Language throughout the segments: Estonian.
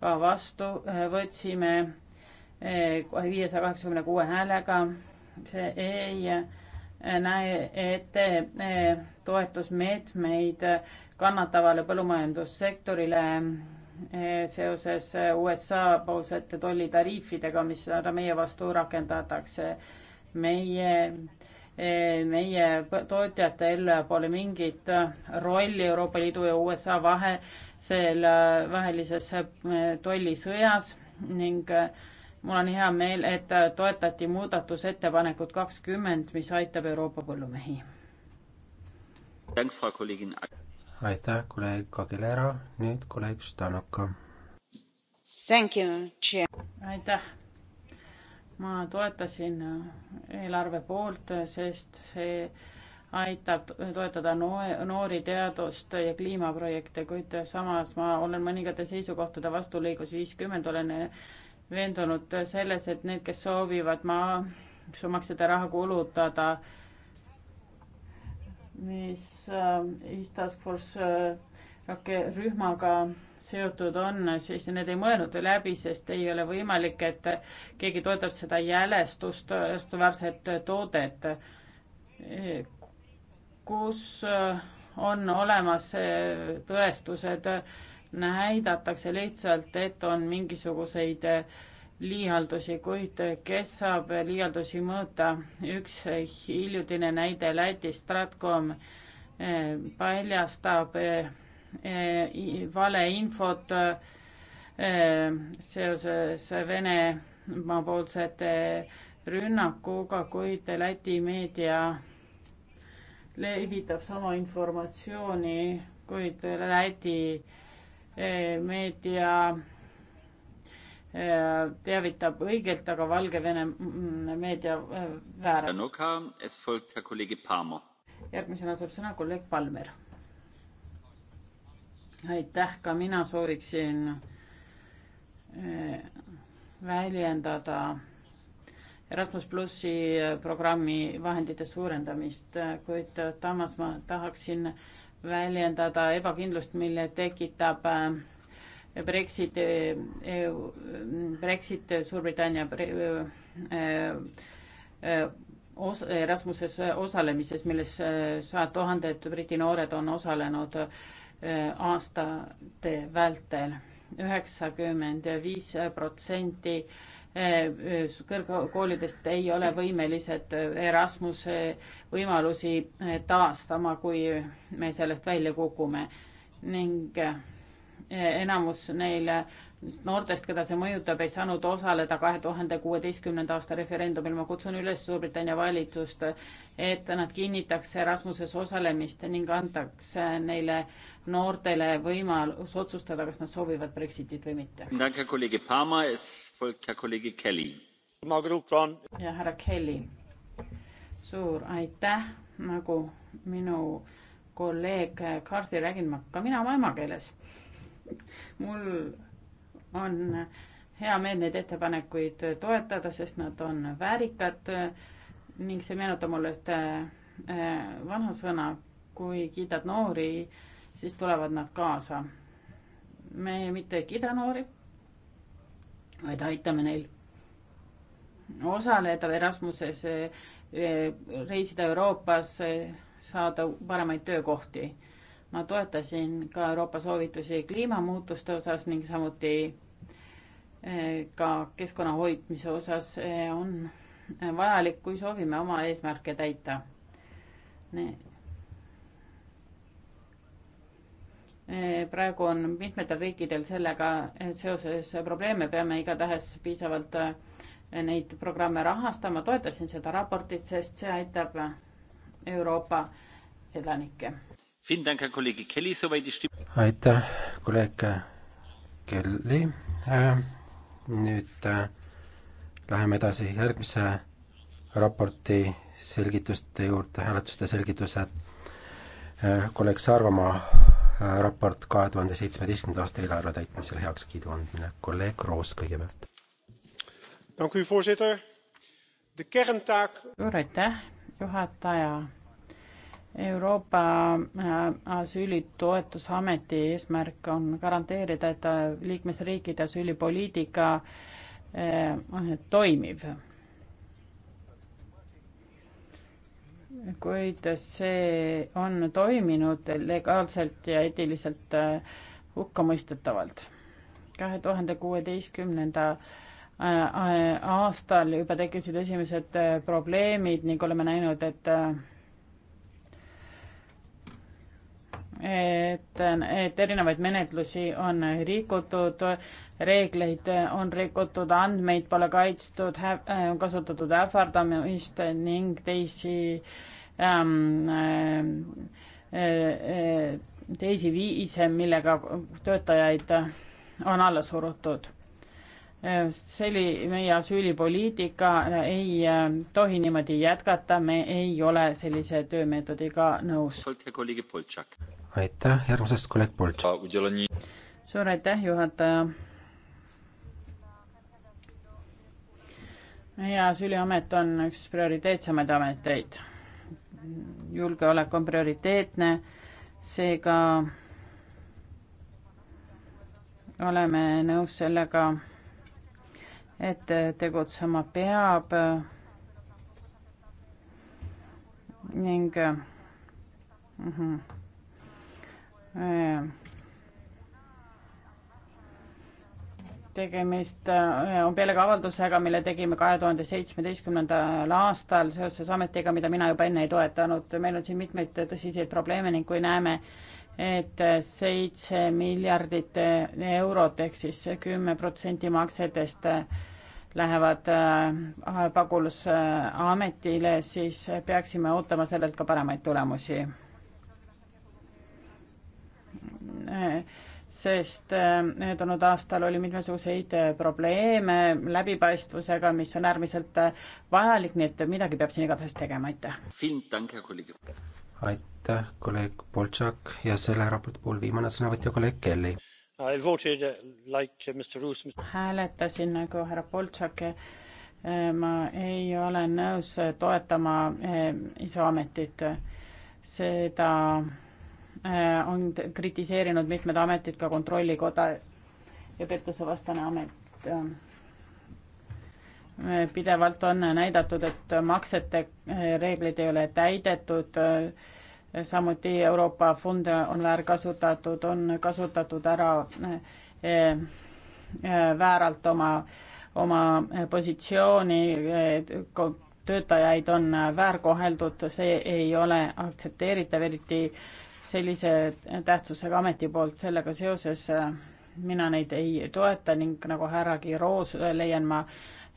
ka vastu eh, võtsime eh, viiesaja kaheksakümne kuue häälega. see ei eh, näe ette toetusmeetmeid kannatavale põllumajandussektorile seoses USA poolsete tollitariifidega, mis meie vastu rakendatakse. meie meie tootjatel pole mingit rolli Euroopa Liidu ja USA vahe, selle vahelises eh, tollisõjas ning eh, mul on hea meel, et toetati muudatusettepanekut kakskümmend, mis aitab Euroopa põllumehi. aitäh, kolleeg Aguilera, nüüd kolleeg Stanoka. aitäh ma toetasin äh, eelarve poolt, äh, sest see aitab toetada noori teadust ja kliimaprojekte, kuid samas ma olen mõningate seisukohtade vastu lõigus viiskümmend, olen äh, veendunud selles, et need, kes soovivad maksumaksjate raha kulutada, mis äh, East Task Force äh, rakkerühmaga okay, seotud on, siis need ei mõelnud läbi, sest ei ole võimalik, et keegi toetab seda jälestust, jälestusväärset toodet, kus äh, on olemas äh, tõestused, näidatakse lihtsalt, et on mingisuguseid äh, liialdusi, kuid kes saab liialdusi mõõta? üks hiljutine näide Lätis, Stratcom paljastab Eh, valeinfot eh, eh, seoses Venemaa poolsete rünnakuga, kuid Läti meedia levitab sama informatsiooni, kuid Läti meedia teavitab õigelt, aga Valgevene mm, meedia vääralt. järgmisena saab sõna kolleeg Palmer aitäh, ka mina sooviksin eh, väljendada Erasmus plussi eh, programmi vahendite suurendamist, eh, kuid samas ma tahaksin väljendada ebakindlust, mille tekitab Brexit, Brexit Suurbritannia os-, Erasmuses osalemises, milles sajad tuhanded Briti noored on osalenud Äh, aastate vältel. üheksakümmend viis protsenti äh, äh, kõrgkoolidest ei ole võimelised Erasmuse võimalusi taastama, kui me sellest välja kukume ning enamus neil noortest, keda see mõjutab, ei saanud osaleda kahe tuhande kuueteistkümnenda aasta referendumil. ma kutsun üles Suurbritannia valitsust, et nad kinnitaks Erasmuses osalemist ning antaks neile noortele võimalus otsustada, kas nad soovivad Brexitit või mitte. ja härra Kelly, suur aitäh, nagu minu kolleeg Carthy räägin ma ka mina oma emakeeles. mul on hea meel neid ettepanekuid toetada, sest nad on väärikad ning see meenutab mulle ühte eh, vanasõna, kui kiidad noori, siis tulevad nad kaasa. me mitte ei kida noori, vaid aitame neil osaleda Erasmuses, eh, eh, reisida Euroopas, saada paremaid töökohti ma toetasin ka Euroopa soovitusi kliimamuutuste osas ning samuti eh, ka keskkonna hoidmise osas eh, on vajalik, kui soovime oma eesmärke täita. Eh, praegu on mitmetel riikidel sellega seoses probleeme, peame igatahes piisavalt neid programme rahastama, toetasin seda raportit, sest see aitab Euroopa elanikke aitäh, kolleeg Kelly. Äh, nüüd äh, läheme edasi järgmise raporti selgituste juurde, hääletuste selgitused. Äh, kolleeg Sarvamaa raport kahe tuhande seitsmeteistkümnenda aasta eelarve täitmisel heakskiidu andmine. kolleeg Roos kõigepealt. suur aitäh, juhataja Euroopa äh, asüülitoetusameti eesmärk on garanteerida, et äh, liikmesriikide asüülipoliitika äh, toimib. kuid see on toiminud legaalselt ja eetiliselt hukkamõistetavalt. kahe tuhande kuueteistkümnenda aastal juba tekkisid esimesed probleemid ning oleme näinud, et et, et erinevaid menetlusi on rikutud, reegleid on rikutud, andmeid pole kaitstud, äh, on kasutatud ähvardamist ning teisi ähm, äh, äh, teisi viise, millega töötajaid on alla surutud see oli meie asüülipoliitika, ei äh, tohi niimoodi jätkata, me ei ole sellise töömeetodiga nõus aitäh, järgmisest kolleeg Pult. suur aitäh, juhataja. ja Süliamet on üks prioriteetsemaid ameteid. julgeolek on prioriteetne, seega oleme nõus sellega, et tegutsema peab ning mm -hmm Äh, tegemist äh, on pealegi avaldusega, mille tegime kahe tuhande seitsmeteistkümnendal aastal seoses ametiga, mida mina juba enne ei toetanud. meil on siin mitmeid tõsiseid probleeme ning kui näeme, et seitse miljardit eurot ehk siis kümme protsenti maksetest lähevad äh, pagulasametile, siis peaksime ootama sellelt ka paremaid tulemusi Äh, sest äh, möödunud aastal oli mitmesuguseid äh, probleeme läbipaistvusega, mis on äärmiselt vajalik, nii et midagi peab siin igatahes tegema, aitäh. aitäh, kolleeg Boltšak ja selle raporti puhul viimane sõnavõtja, kolleeg Kelly. Uh, like uh, hääletasin nagu härra Boltšak ma ei ole nõus toetama isu ametit, seda Äh, on kritiseerinud mitmed ametid, ka Kontrollikoda ja pettusevastane amet. Äh. Äh, pidevalt on näidatud, et maksete reeglid ei ole täidetud, samuti Euroopa fonde on väärkasutatud, on kasutatud ära vääralt oma, oma positsiooni, töötajaid on väärkoheldud, see ei ole aktsepteeritav, eriti sellise tähtsusega ameti poolt, sellega seoses äh, mina neid ei toeta ning nagu härragi Roos äh, leian ma,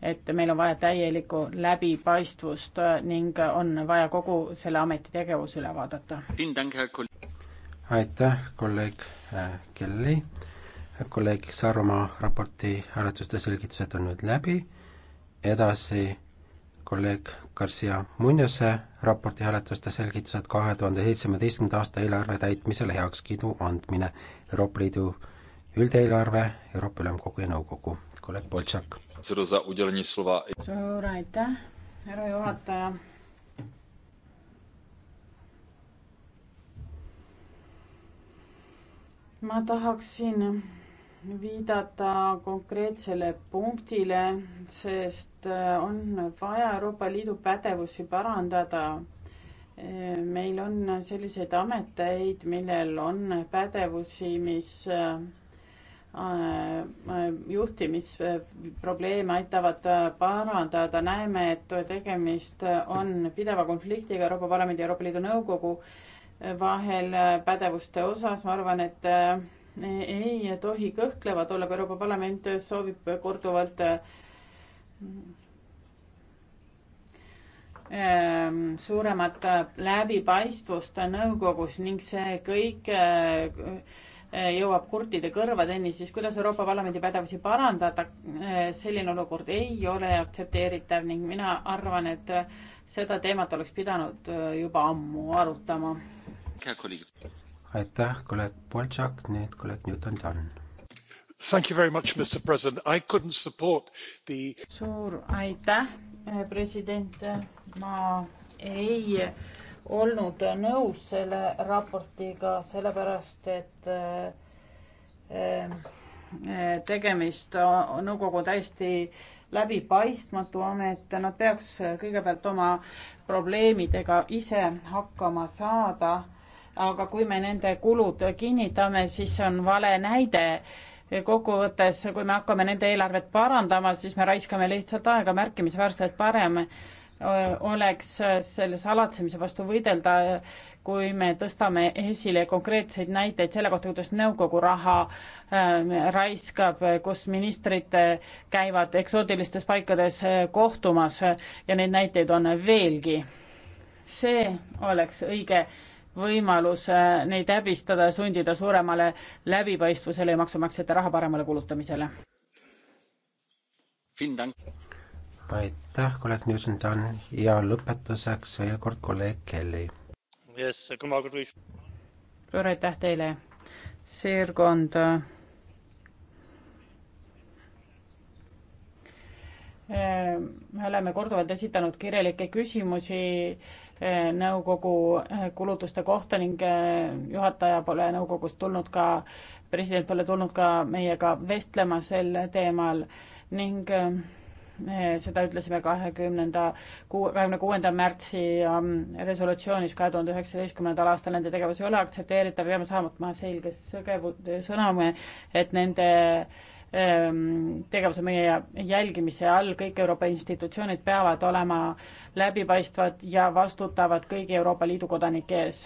et meil on vaja täielikku läbipaistvust äh, ning on vaja kogu selle ameti tegevus üle vaadata. aitäh, kolleeg Kelly. kolleeg Saaremaa raporti hääletuste selgitused on nüüd läbi. edasi kolleeg Garcia Munjose raporti hääletuste selgitused kahe tuhande seitsmeteistkümnenda aasta eelarve täitmisele heakskiidu andmine, Euroopa Liidu üldeelarve, Euroopa Ülemkogu ja Nõukogu. kolleeg Boltšak. suur aitäh, härra juhataja. ma tahaksin viidata konkreetsele punktile, sest äh, on vaja Euroopa Liidu pädevusi parandada äh, meil on selliseid ameteid, millel on pädevusi, mis äh, juhtimisprobleeme aitavad parandada, näeme, et tegemist on pideva konfliktiga Euroopa Parlamendi ja Euroopa Liidu Nõukogu vahel pädevuste osas, ma arvan, et ei tohi kõhklevad olla, kui Euroopa Parlament soovib korduvalt ehm, suuremat läbipaistvust nõukogus ning see kõik eh, jõuab kurtide kõrvadeni, siis kuidas Euroopa Parlamendi pädevusi parandada, eh, selline olukord ei ole aktsepteeritav ning mina arvan, et seda teemat oleks pidanud eh, juba ammu arutama aitäh, kolleeg Boltšak, nüüd kolleeg Newton-Dunn. Thank you very much, Mr President, I couldn't support the. suur aitäh, eh, president, ma ei olnud nõus selle raportiga, sellepärast et eh, eh, tegemist nõukogu täiesti läbipaistmatu amet, nad peaks kõigepealt oma probleemidega ise hakkama saada aga kui me nende kulud kinnitame, siis see on vale näide. kokkuvõttes, kui me hakkame nende eelarvet parandama, siis me raiskame lihtsalt aega märkimisväärselt parem oleks selle salatsemise vastu võidelda, kui me tõstame esile konkreetseid näiteid selle kohta, kuidas nõukogu raha äh, raiskab, kus ministrid käivad eksootilistes paikades äh, kohtumas ja neid näiteid on veelgi. see oleks õige võimaluse neid häbistada ja sundida suuremale läbipaistvusele ja maksumaksjate raha paremale kulutamisele. aitäh, kolleeg Newton-Dunn ja lõpetuseks veel kord kolleeg Kelly yes,. suur aitäh teile, Sirgond. Äh, me oleme korduvalt esitanud kirjalikke küsimusi äh, nõukogu eh, kulutuste kohta ning eh, juhataja pole nõukogust tulnud ka, president pole tulnud ka meiega vestlema sel teemal ning eh, seda ütlesime kahekümnenda, kahekümne kuuenda märtsi um, resolutsioonis kahe tuhande üheksateistkümnendal aastal, nende tegevus ei ole aktsepteeritav, peame saama selge sõnumi, et nende Ehm, tegevuse meie jälgimise all, kõik Euroopa institutsioonid peavad olema läbipaistvad ja vastutavad kõigi Euroopa Liidu kodanike ees.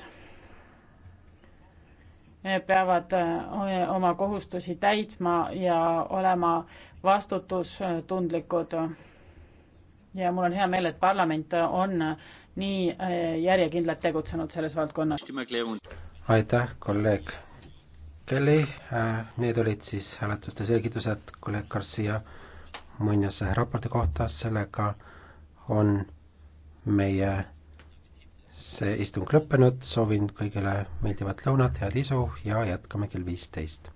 peavad eh, oma kohustusi täitma ja olema vastutustundlikud. ja mul on hea meel, et parlament on nii eh, järjekindlalt tegutsenud selles valdkonnas. aitäh, kolleeg Kelly, äh, need olid siis hääletuste selgitused kolleeg Garcia Muinase raporti kohta, sellega on meie see istung lõppenud, soovin kõigile meeldivat lõunat, head isu ja jätkame kell viisteist.